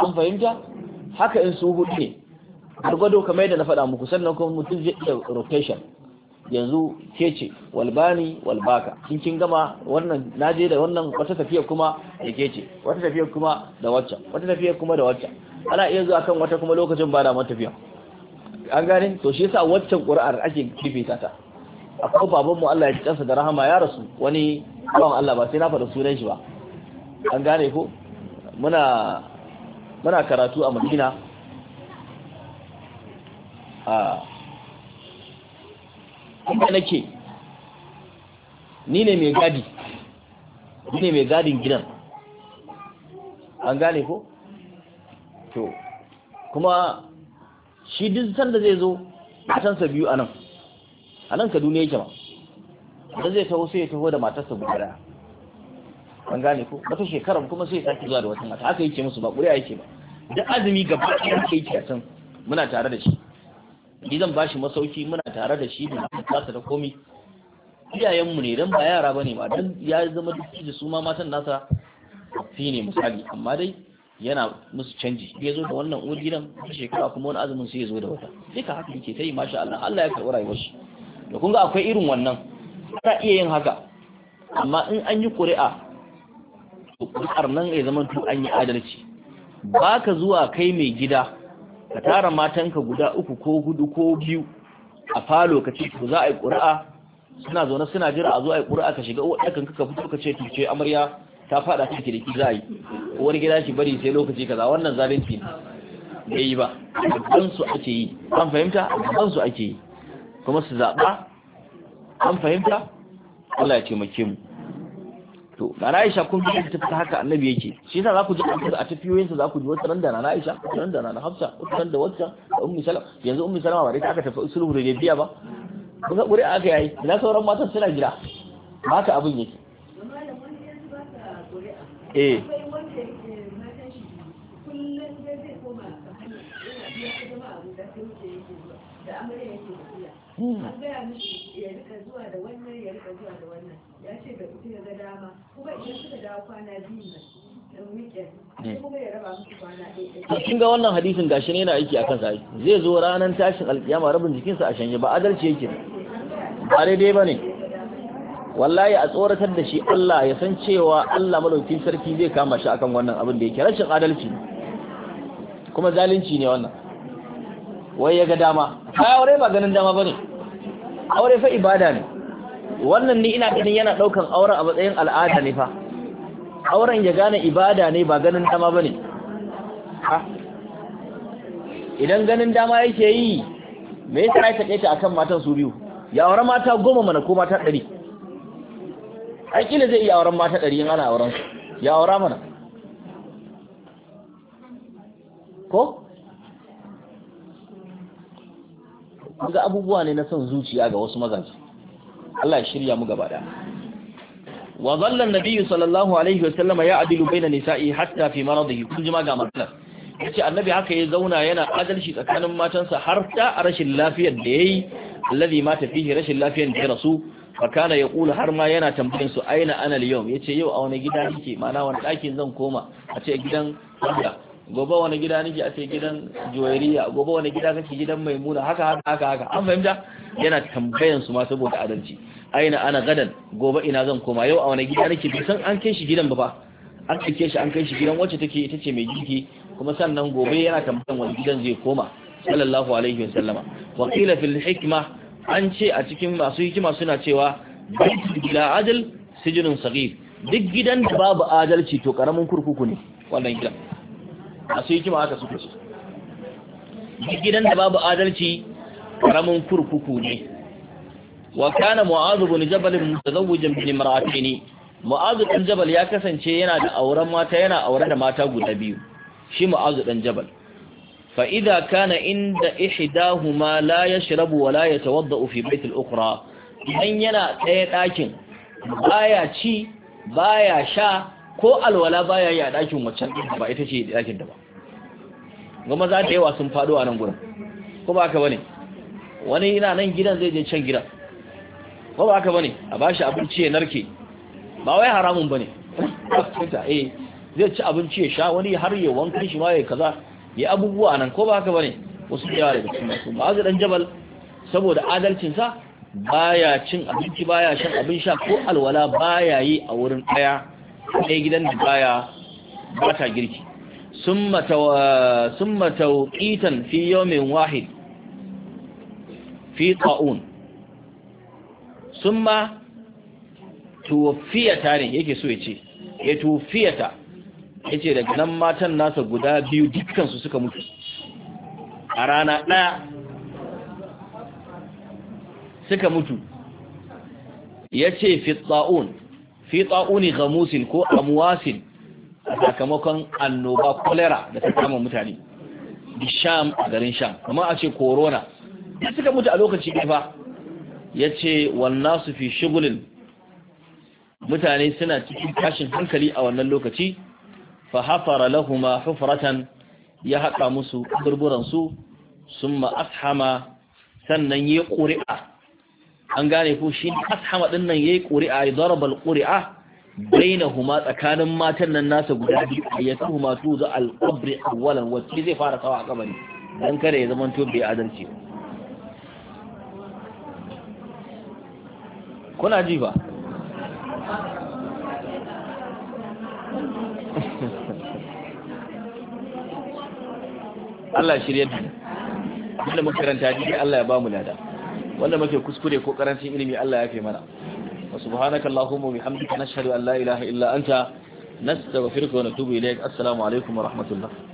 an fahimta haka in su hudu ne gwargwado kamar yadda na faɗa muku sannan kuma mutum zai iya rotation yanzu ke ce walbani walbaka in kin gama wannan na je da wannan wata tafiya kuma da ke ce wata tafiya kuma da waccan wata tafiya kuma da waccan ana iya zuwa kan wata kuma lokacin ba da mata tafiya an gane to shi yasa waccan qur'ar ake kife ta akwai baban mu Allah ya sa da rahama ya rasu wani bawan Allah ba sai na faɗa sunan shi ba an gane ko muna muna karatu a Madina a kuma nake ni ne mai gadi ni ne mai gadin gidan an gane ko to kuma shi duk da zai zo matansa biyu a nan a nan kaduna yake ma da zai taho sai ya taho da matarsa guda an gane ko wata shekara kuma sai ya sake zuwa da wata mata haka yake musu ba ƙuri'a yake ba da azumi gaba ɗaya yake a can muna tare da shi ni zan bashi masauki muna tare da shi da nasa da komi iyayenmu ne dan ba yara bane ba dan ya zama duk da su ma matan nasa fi ne misali amma dai yana musu canji ya zo da wannan udi nan shekara kuma wani azumin sai ya zo da wata duka haka yake ta yi masha Allah Allah ya karɓi rayuwar shi da kun ga akwai irin wannan ana iya yin haka amma in an yi ƙuri'a ƙuri'ar nan ya zama tu an yi adalci ba ka zuwa kai mai gida ka tara matanka guda uku ko hudu ko biyu a falo ka ce to za a yi ƙuri'a suna zaune suna jira a zo a yi ƙuri'a ka shiga ɗakan ka fito ka ce tuce amarya ta faɗa ta kiriki za a yi wani gida shi bari sai lokaci kaza wannan zalunci ne ya yi ba gaban su ake yi an fahimta gaban su ake yi kuma su zaɓa an fahimta Allah ya taimake mu to na Aisha kun fi ta fita haka annabi yake shi yasa zaku ji a tafiyoyin sa zaku ji wata ran da na Aisha wata ran da na Hafsa wata ran da wata ummi Salama yanzu ummi Salama ba dai aka tafi sulhu da Rabiya ba kun ga ƙuri'a aka yayi ina sauran matan suna gida ba ta abin yake eh da amarya yake tafiya hmm. an gaya musu ya rika zuwa da wannan ya rika zuwa da wannan ya ce da ya ga dama kuma idan suka dawo kwana biyu hmm. to kin ga wannan hadisin gashi ne yana aiki akan sa zai zo ranar tashin alkiyama rabin jikinsa a shanye ba adalci yake ba daidai bane wallahi a tsoratar da shi Allah ya san cewa Allah madaukakin sarki zai kama shi akan wannan abin da yake rashin adalci kuma zalunci ne wannan wai ya ga dama kai aure ba ganin dama bane aure fa ibada ne wannan ni ina ganin yana daukan auren a matsayin al'ada ne fa auren ya gane ibada ne ba ganin dama bane ha idan ganin dama yake yi me yasa ya take ta akan matan su biyu ya aure mata goma mana ko mata ɗari ai kila zai iya auren mata ɗari in ana auren ya aura mana ko ga abubuwa ne na son zuciya ga wasu mazaje Allah ya shirya mu gaba da wa zallan nabiyyu sallallahu alaihi wasallam ya adilu baina nisa'i hatta fi maradihi kun jima ga matsalar yace annabi haka ya zauna yana adalci tsakanin matansa har ta rashin lafiyar da yayi alladhi mata fihi rashin lafiyar da ya rasu fa kana yaqulu har ma yana tambayin su aina ana al-yawm yace yau a wani gida nake ma'ana wani ɗakin zan koma a ce gidan wanda gobe wani gida nake a ce gidan juwairiya gobe wani gida kake gidan maimuna haka haka haka haka an fahimta yana tambayan su ma saboda adalci aina ana gadan gobe ina zan koma yau a wani gida nake bai san an kai shi gidan ba fa an kai shi an kai shi gidan wacce take ita ce mai jiki kuma sannan gobe yana tambayan wani gidan zai koma sallallahu alaihi wa sallama wa qila fil hikma an ce a cikin masu hikima suna cewa baitul bila adl sijnun saghir duk gidan da babu adalci to karamin kurkuku ne wannan gidan a su hikima aka suka ce gidan da babu adalci karamin kurkuku ne wa kana mu'azu bin jabal mutazawwijan bi imra'atayn mu'azu dan jabal ya kasance yana da auren mata yana aure da mata guda biyu shi mu'azu dan jabal fa idza kana inda ihdahuma la yashrabu wa la yatawaddau fi bayt al-ukhra idan yana ɗaya ɗakin baya ci baya sha ko alwala baya yi a ɗakin waccan ɗin ba ita ce ɗakin da ba goma za ta yawa sun faɗo a nan gurin ko ba haka bane wani yana nan gidan zai je can gidan ko ba haka bane a ba shi abinci ya narke ba wai haramun ba eh zai ci abinci ya sha wani har yi wankan shi ma ya kaza ya abubuwa nan ko ba haka bane wasu yawa daga cikin masu ma'azu dan jabal saboda adalcinsa baya cin abinci baya shan abin sha ko alwala baya yi a wurin ɗaya. ɗaya gidan da baya ba ta girki sun matauƙitan fi yomin wahid fi ƙa'un sun ma tuwafiyata ne yake so ya ce ya tuwafiyata ya ce daga nan matan nasa guda biyu dukkansu suka mutu a rana ɗaya suka mutu ya ce fi tsa'un fi tsa'uni gamusin ko amwasin a sakamakon annoba kolera da ta kama mutane sham a garin sham amma a ce korona. ya suka mutu a lokaci fa ya ce wannan su fi shigulin mutane suna cikin tashin hankali a wannan lokaci fa hafara lahuma hufratan ya haƙa musu burburansu sun ma'ashama sannan ya ƙuri'a an gane ko shi ashama din nan yayi qur'a ya daraba alqur'a bainahuma tsakanin matan nan nasa guda biyu ayatuhuma tuzu alqabr awwalan wacce zai fara kawa a kabari dan kada ya zama to bai adalci kuna ji ba (laughs) Allah shirye da mu karanta ji Allah ya ba mu lada wanda muke kuskure ko karancin ilimi Allah ya fi mana wa subhanaka allahumma bihamdika nashhadu an la ilaha illa anta nastaghfiruka wa natubu ilayk assalamu alaikum wa rahmatullah